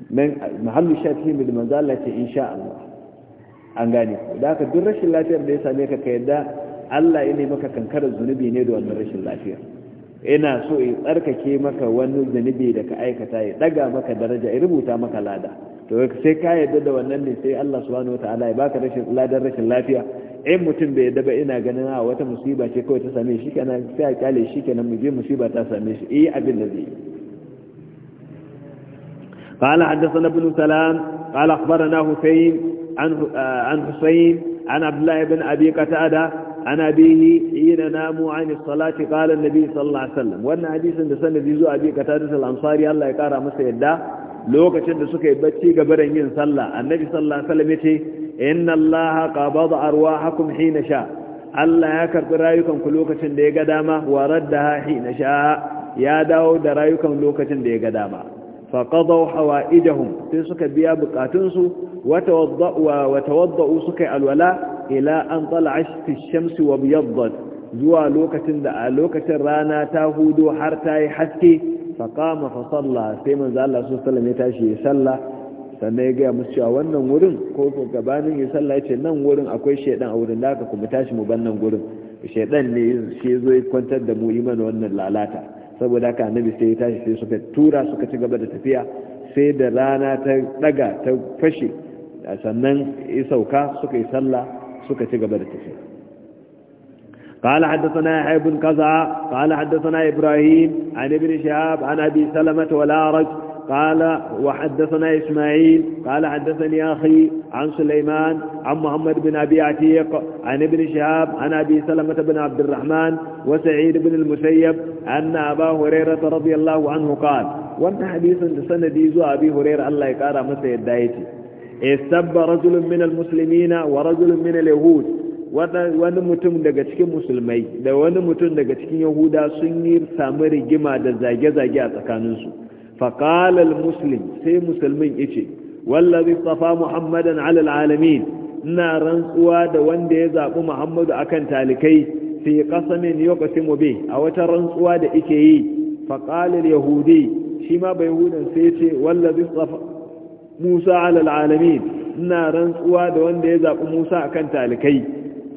men mahallu shafi mai manzo Allah ce insha Allah an gane ku da aka duk rashin lafiyar da ya same ka ka yadda Allah ya maka kankarar zunubi ne da wannan rashin lafiyar ina so in tsarkake maka wani zunubi da ka aikata ya daga maka daraja ya rubuta maka lada to sai ka yadda da wannan ne sai Allah subhanahu wataala ya baka rashin ladan rashin lafiya in eh, mutum bai yadda ba ina ganin a ah, wata musiba ce kawai ta same shi kenan sai a kyale shi kenan mu je musiba ta same shi eh abin da zai قال حدثنا ابن سلام قال اخبرنا حسين عن عن حسين عن عبد الله بن ابي قتاده عن ابيه حين ناموا عن الصلاه قال النبي صلى الله عليه وسلم وان حديث ده سند يزو ابي قتاده الانصاري الله يقرا masa yadda lokacin da suka yi bacci gabaran yin sallah annabi sallallahu alaihi wasallam yace inna allaha qabada arwahakum hina sha Allah ya karbi rayukanku lokacin da ya ga dama wa raddaha hina sha ya dawo da rayukan lokacin da ya ga dama fa qadaw hawaijahum sai suka biya bukatun wa tawadda'u wa tawadda'u suka alwala ila an tala'at shamsi wa biyaddat zuwa lokacin da a lokacin rana ta hudo har ta yi haske fa qama fa salla sai manzo Allah sallallahu alaihi wasallam ya tashi ya salla sannan ya gaya musu cewa wannan wurin ko gabanin ya sallah ya ce nan wurin akwai shaidan a wurin da aka kuma tashi mu ban nan wurin shaidan ne shi zo ya kwantar da mu iman wannan lalata saboda haka annabi sai ya tashi sai suka tura suka ci gaba da tafiya sai da rana ta daga ta fashe sannan ya sauka suka yi sallah suka ci gaba da tafiya قال حدثنا يحيى بن كزع قال حدثنا ابراهيم عن ابن شهاب عن أبي سلمة رجل قال وحدثنا إسماعيل قال حدثني أخي عن سليمان عن محمد بن أبي عتيق عن ابن شهاب عن أبي سلمة بن عبد الرحمن وسعيد بن المسيب أن أبا هريرة رضي الله عنه قال وانت حديثا سندي زو أبي هريرة الله يقارى مسيد دايتي استب رجل من المسلمين ورجل من اليهود wani mutum daga cikin musulmai da wani mutum daga cikin yahuda sun yi samu rigima da zage-zage a tsakaninsu فقال المسلم سي مسلمين إيشي والذي اصطفى محمدا على العالمين نارا سواد وندي يزاق محمد أكن تالكي في قسم يقسم به أو ترى سواد إيكي فقال اليهودي شما بيهودا سيشي والذي اصطفى موسى على العالمين نارا سواد وندي يزاق موسى أكن تالكي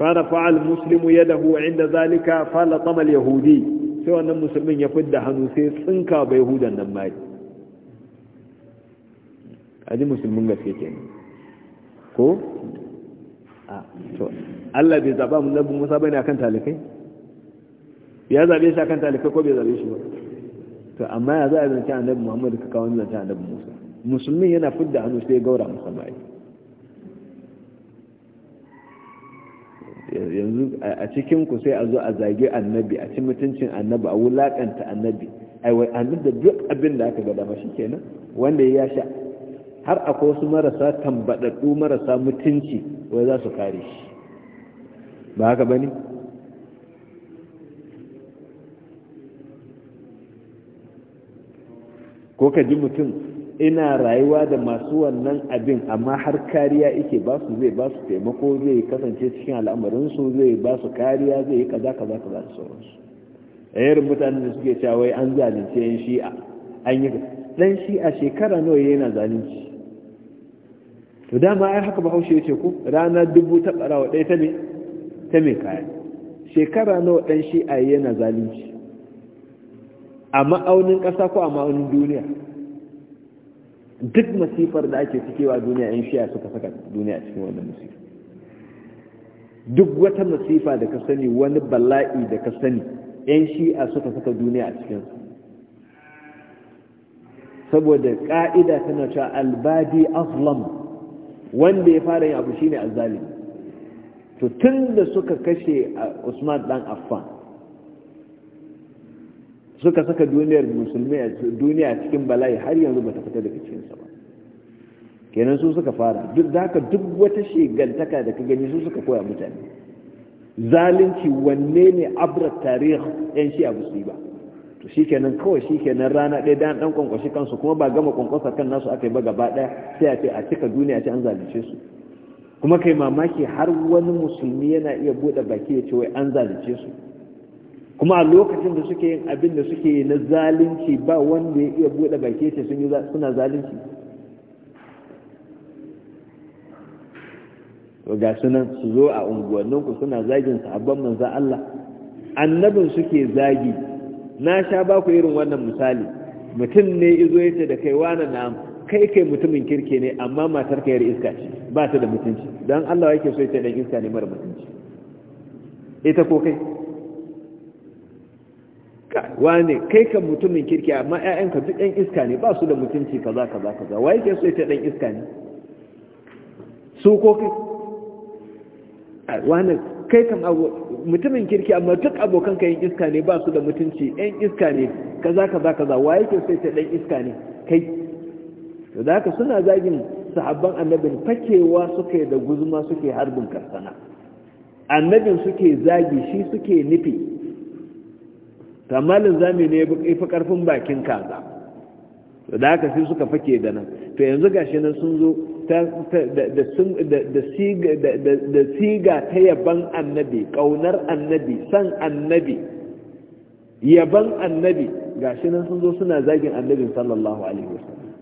فرفع المسلم يده عند ذلك فلطم اليهودي sai wannan musulmin ya fidda hannu sai tsinka bai hudan nan mari Aji musulmin gaske kenan ko a to Allah bai zaba mun nabi Musa bane akan talikai ya zabe shi akan talikai ko bai zabe shi ba to amma ya za a zance annabi Muhammad ka kawo zance annabi Musa musulmin yana fidda hannu sai gaura musulmai yanzu a cikin ku sai a zo a zage annabi a cikin mutuncin annabi a wulakanta annabi ai wai annabi da duk abin da aka gada mashi kenan wanda ya sha har akwai wasu marasa tambaɗaɗɗu marasa mutunci wai za su kare shi ba haka ba ne ko ka ji mutum ina rayuwa da masu wannan abin amma har kariya ike ba su zai ba su taimako zai kasance cikin al'amarinsu zai ba su kariya zai yi kaza kaza kaza da sauransu a mutanen da suke cewa wai an zalunce yin shi'a an yi dan shi'a shekara nawa yana zalunci to dama ai haka bahaushe yace ko rana dubu ta wa ɗaya ta me ta me kaya shekara nawa dan shi'a yana zalunci a ma'aunin ƙasa ko a ma'aunin duniya duk masifar da ake cikewa duniya yan shi'a suka saka duniya cikin wannan musifa duk wata masifa da ka sani wani bala'i da ka sani yan shi'a suka saka duniya a cikin saboda ƙa'ida tana cewa albadi azlam wanda ya fara yin abu shine azzalimi to tun da suka kashe usman dan affan suka saka duniyar musulmi a duniya cikin bala'i har yanzu bata fita daga cikinsa ba kenan su suka fara duk da haka duk wata shigantaka da ka gani su suka koya mutane zalunci wanne ne abrar tarihi yan shi abu su ba to shikenan kawai shikenan rana ɗaya dan dan kwankwashi kansu kuma ba gama kwankwasa kan nasu aka yi ba gaba ɗaya sai a ce a cika duniya ce an zalunce su kuma kai mamaki har wani musulmi yana iya buɗe baki ya ce wai an zalunce su kuma a lokacin da suke yin abin da suke yi na zalunci ba wanda ya iya buɗe baki ya ce suna zalunci to ga sunan su zo a unguwanninku suna zagin sahabban manzan Allah annabin suke zagi na sha ba ku irin wannan misali mutum ne izo ya ce da kai wani na'am kai kai mutumin kirke ne amma matar ka yar iska ce ba ta da mutunci don Allah yake so ya ce dan iska ne mara mutunci ita ko kai wani kai kan mutumin kirki amma ƴaƴanka duk ɗan iska ne ba su da mutunci kaza kaza kaza wai yake so ita ɗan iska ne su ko kai wani. kai kan mutumin kirki amma duk abokan ka yan iska ne ba su da mutunci yan iska ne kaza kaza kaza wa yake sai ta dan iska ne kai to da haka suna zagin sahabban annabin fakewa suke da guzuma suke harbin karsana annabin suke zagi shi suke nufi tamalin zami ne ya fi karfin bakin kaza da haka sai suka fake da nan to yanzu gashi nan sun zo da siga ta yaban annabi kaunar annabi san annabi yaban annabi gashi nan sun zo suna zagin annabin sallallahu alaihi wasallam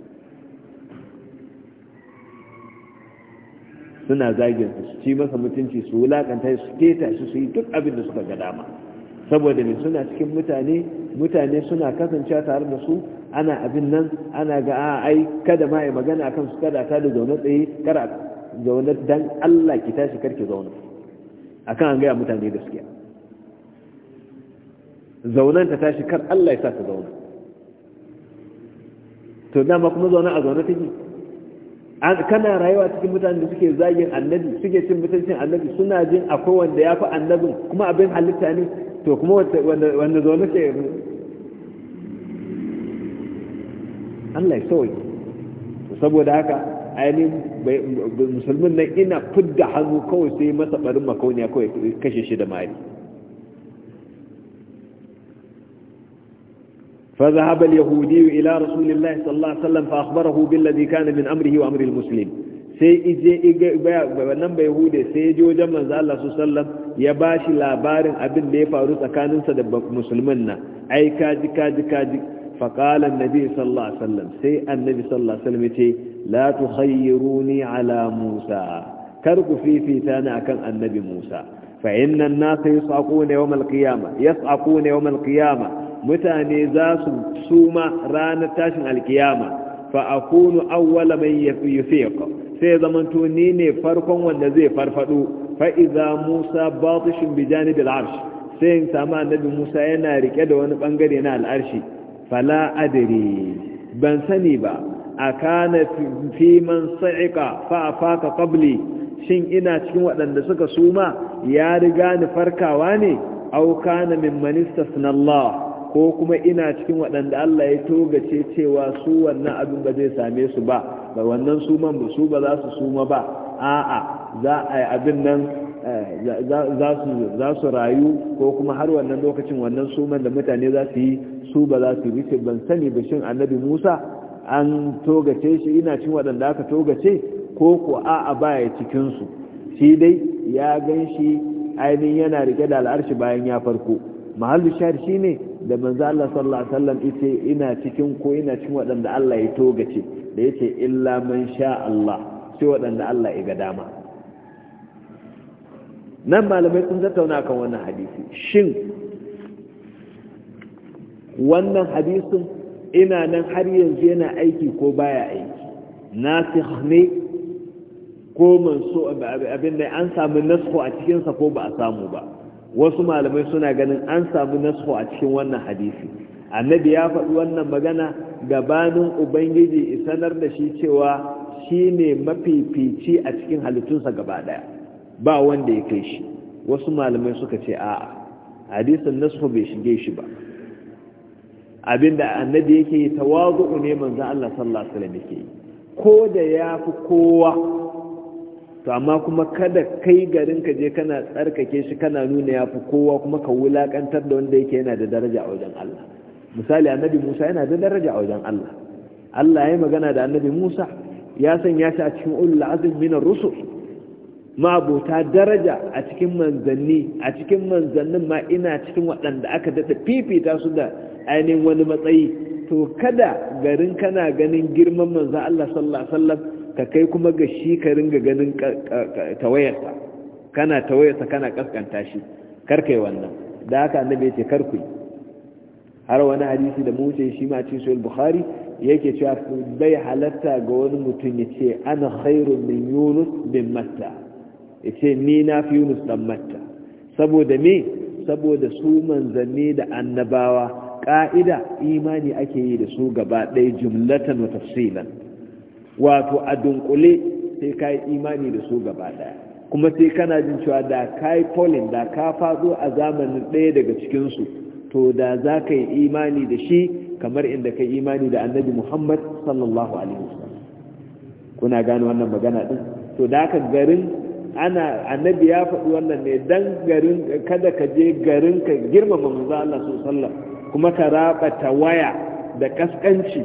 suna zagin su ci masa mutunci su wulakanta su keta shi su yi duk abin da suka ga dama saboda ne suna cikin mutane mutane suna kasancewa tare da su ana abin nan ana ga a ai kada ma yi magana akan su kada ta da zaune tsaye kara zaune dan Allah ki tashi karki zaune akan an gaya mutane da suke zaunen ta tashi kar Allah ya sa ta zaune to dama kuma zaune a zaune take kana rayuwa cikin mutane da suke zagin annabi suke cin mutuncin annabi suna jin akwai wanda ya fi annabin kuma abin halitta ne to kuma wanda zaune ke Allah ya sauke saboda haka ainihin musulmin nan ina fidda hannu kawai sai masa barin makauniya kawai kashe shi da mari فذهب اليهودي sallallahu رسول الله صلى الله عليه وسلم فأخبره بالذي كان من أمره وأمر المسلم sai ije bai hude sai ya je wajen manzo Allah sallam ya bashi labarin abin da ya faru tsakaninsa da musulmin nan ai kaji فقال النبي صلى الله عليه وسلم سي النبي صلى الله عليه وسلم يتي لا تخيروني على موسى كرك في في تانا كان النبي موسى فإن الناس يصعقون يوم القيامة يصعقون يوم القيامة متاني ذاس سوما ران تاشن القيامة فأكون أول من يفيق سيزمنتوني نفرقا والنزي فرفدو فإذا موسى باطش بجانب العرش سيزمان النبي موسى ينا ركد ونبنغر ينا العرش fala adiri, ban sani ba akana fi man sa'iqa fa afaka qabli shin ina cikin waɗanda suka suma ya riga ni farkawa ne aw kana mimman istasnallah ko kuma ina cikin waɗanda Allah ya togace cewa su wannan abin ba zai same su ba ba wannan suman ba su ba za su suma ba a'a za a yi abin nan za su rayu ko kuma har wannan lokacin wannan suman da mutane za su yi su ba za su yi ban sani ba shin annabi musa an togace shi ina cin waɗanda aka togace ko ko a'a baya cikinsu shi dai ya gan shi ainihin yana rike da al'arshi bayan ya farko mahallu shahar shi ne da manzo Allah sallallahu alaihi wasallam ita ina cikin ko ina cikin waɗanda Allah ya togace da yace illa man sha Allah sai waɗanda Allah ya ga dama nan malamai sun tattauna kan wannan hadisi shin wannan hadisin ina nan har yanzu yana aiki ko baya aiki Na ne ko manso abin da an samu nasko a cikinsa ko ba a samu ba wasu malamai suna ganin an samu nasko a cikin wannan hadisi annabi ya faɗi wannan magana gabanin ubangiji isanar da shi cewa shi ne mafifici a cikin halittunsa gaba ɗaya ba wanda ya kai shi wasu malamai suka ce a'a hadisin nasu bai shige shi ba abinda annabi yake yi tawazu ne manzo Allah sallallahu alaihi wasallam yake yi ko da yafi kowa to amma kuma kada kai garin ka je kana tsarkake shi kana nuna yafi kowa kuma ka wulakantar da wanda yake yana da daraja a wajen Allah misali annabi Musa yana da daraja a wajen Allah Allah ya yi magana da annabi Musa ya sanya shi a cikin ulul azmi minar rusul ma'abota daraja a cikin manzanni a cikin manzannin ma ina cikin waɗanda aka daɗa fifita su da ainihin wani matsayi to kada garin kana ganin girman manzan Allah sallallahu alaihi wasallam ka kai kuma ga shi ka ringa ganin tawayarsa kana tawayarsa kana kaskanta shi karkai wannan da haka annabi ya kar ku har wani hadisi da mu shi ma cikin sahih bukhari yake cewa bai halatta ga wani mutum yace ce ana khairu min yunus bin matta ce ni na fi yunus dan matta saboda me saboda su manzanni da annabawa ka'ida imani ake yi da su gaba ɗaya jumlatan wa tafsilan wato a dunkule sai ka yi imani da su gaba ɗaya kuma sai kana jin cewa da ka yi polin da ka faɗo a zamanin ɗaya daga cikinsu to da za ka yi imani da shi kamar inda ka yi imani da annabi muhammad sallallahu alaihi wasallam kuna gane wannan magana ɗin to da haka garin ana annabi ya faɗi wannan ne dan garin kada ka je garin ka girmama manzo Allah sallallahu kuma ka ta waya da kaskanci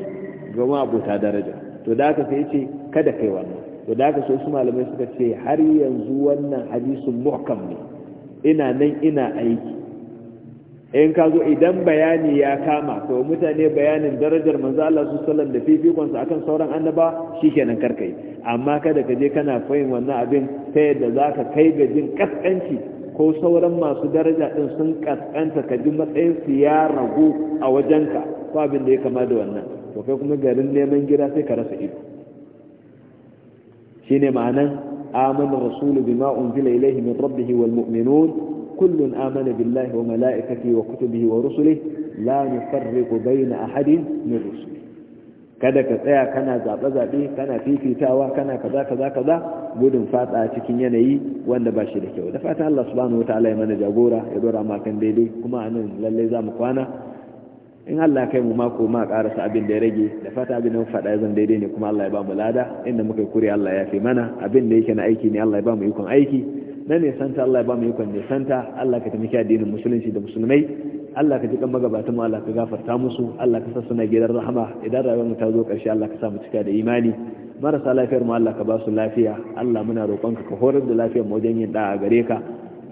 ga ma abota daraja to da haka sai yace kada kai wannan to da haka sai su malamai suka ce har yanzu wannan hadisin muhkam ne ina nan ina aiki in ka zo idan bayani ya kama to mutane bayanin darajar manzo Allah su sallan da fifikon sa akan sauran annaba shikenan karkai amma kada ka je kana fahim wannan abin ta yadda zaka kai ga jin kaskanci ko sauran masu daraja din sun kaskanta ka ji matsayin su ya ragu a wajenka ko abin da ya kama da wannan to kai kuma garin neman gida sai ka rasa ido shine ma'anan amanu rasulu bima unzila ilayhi min rabbihi wal mu'minun kullun amana billahi wa mala'ikati wa لا wa بين أحد من رسله kada ka tsaya kana zaɓe zaɓe kana fifitawa kana kaza kaza kaza gudun fada cikin yanayi wanda ba shi da kyau da fata Allah subhanahu wataala ya mana jagora ya dora ma daidai kuma anan lalle za mu kwana in Allah kai mu mako ma karasa abin da ya rage da fata abin da mu faɗa zan daidai ne kuma Allah ya ba mu lada inda muka kure Allah ya fi mana abin da yake na aiki ne Allah ya ba mu ikon aiki na nesanta Allah ya ba mu ikon nesanta Allah ka taimaki addinin musulunci da musulmai Allah ka ji kan magabatan mu Allah ka gafarta musu Allah ka sassa na gidan rahama idan rayuwar mu ta zo karshe Allah ka sa mu cika da imani marasa lafiyar mu Allah ka ba su lafiya Allah muna ka ka horar da lafiyar mu wajen yin da'a gare ka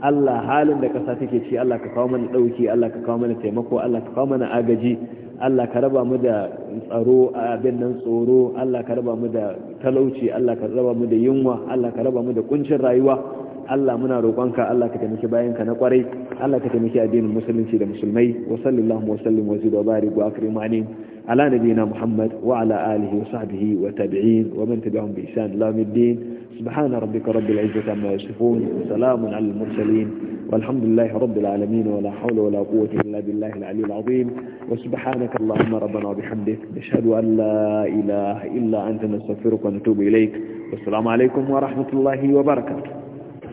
Allah halin da ƙasa take ci Allah ka kawo mana ɗauki Allah ka kawo mana taimako Allah ka kawo mana agaji Allah ka raba mu da tsaro abin nan tsoro Allah ka raba mu da talauci Allah ka raba mu da yunwa Allah ka raba mu da kuncin rayuwa Allah muna roƙonka Allah ka taimaki bayanka na kwarai Allah ka taimaki addinin musulunci da musulmai wa sallallahu wa sallim wa zid wa barik wa akrim alim ala nabiyyina Muhammad wa ala alihi wa sahbihi wa tabi'in wa man tabi'ahum bi ihsan ila yawmiddin سبحان ربك رب العزة wa يصفون وسلام على المرسلين والحمد لله رب العالمين ولا حول ولا قوة إلا بالله العلي العظيم وسبحانك اللهم ربنا وبحمدك نشهد أن لا إله إلا أنت نستغفرك ونتوب إليك والسلام عليكم ورحمة الله وبركاته